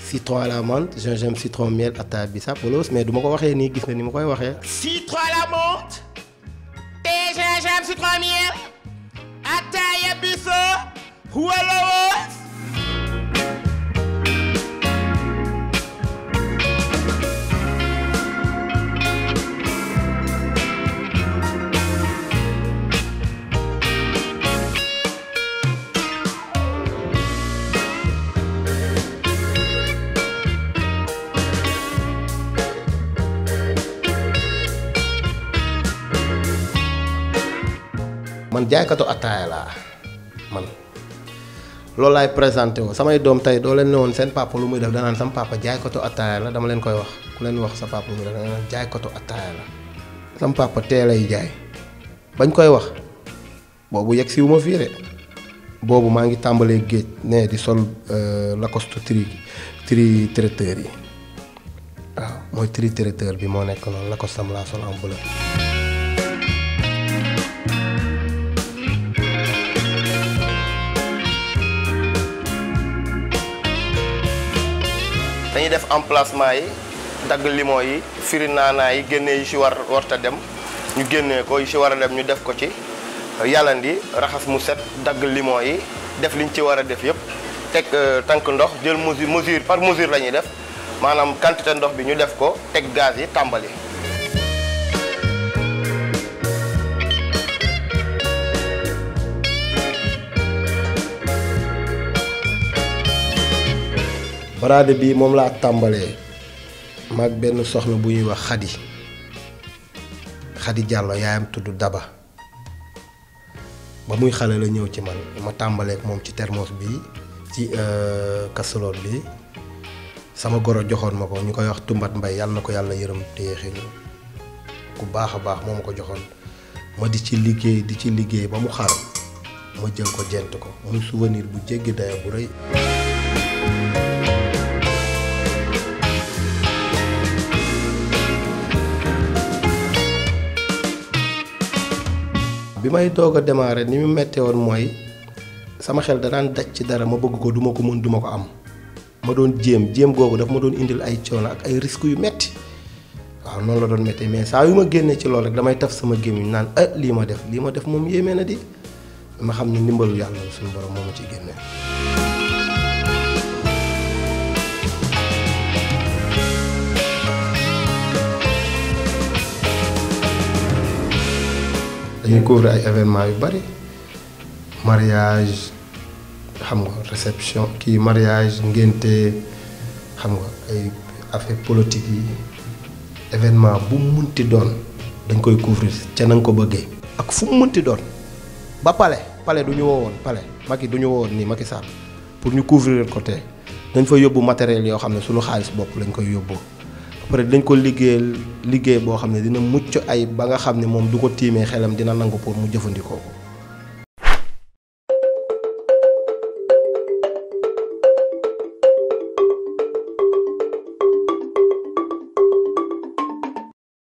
citron à la menthe gingembre citron miel taille à polos. mais du ne de rien voir. gis ni citron à la menthe et gingembre citron miel à taille polos. man to attaaya la man lo lay présenté wo samay dom tay do len ne sen papa lu muy def danaan sam papa to attaaya la dama len koy wax ku len wax sa papa lu muy jaay ko to attaaya la sam papa tee lay jaay bañ koy wax bobu yegg si wu ma fii de ngi tambalé géej ne di sol euh, lacoste tri tri traiteur yi ah moy tri traiteur bi mo nekk noonu lacoste am la sol en bleu dañuy def emplacement yi dagg limon yi firi naanaa yi génne yi si war warta dem ñu génnee ko yi si war a dem ñu def ko ci yàllandi raxas mu set dagg limon yi def liñ ci war a def yëpp teg euh, tànk ndox jël mesure mesure par mesure la ñuy def maanaam quantité ndox bi ñu def ko teg gaz yi tàmbali parade bii moom laa tàmbalee maag benn soxna bu ñuy wax xadi xadi Diallo yaayam tudd Daba ba muy xale la ñëw ci man ma tàmbaleek moom ci termoos bi ci euh, casserole bi sama goro joxoon ma ko ñu koy wax tumbat mbay yàlla na ko yàlla yërëm téye ku baax a baax moom ma ko joxoon ma di ci liggéey di ci liggéey ba mu xar ma jël ko jent ko muy souvenir bu jéggi daya bu rëy bi may doog a démarrer ni mu méttee woon mooy sama xel da daj ci dara ma bëgg ko duma ko mën duma ko am ma doon jéem jéem googu daf ma doon indil ay coono ak ay risques yu metti waaw noonu la doon méttee mais saa yu ma génne ci loolu rek damay taf sama gémmiñ naan ah lii ma def lii ma def moom yéeme na di ma xam ni ndimbalu yàlla suñu borom moo ma ci génne dañuy couvrir ay événements yu bari mariage xam nga réception kii mariage ngénte xam nga ay affaire politique yi événement bu mu munti doon dañ koy couvrir ca na ko bëggee. ak fu mu munti doon ba pale pale du ñu woowoon pale Macky du ñu woowoon nii Macky Sall pour ñu couvrir côté dañ fa yóbbu matériel yoo xam ne suñu xaalis bopp lañ koy yóbboo. après dañ ko liggéeyal liggéey boo xam ne dina mucc ay ba nga xam ne moom du ko tiimee xelam dina nangu pour mu jëfandikoo ko.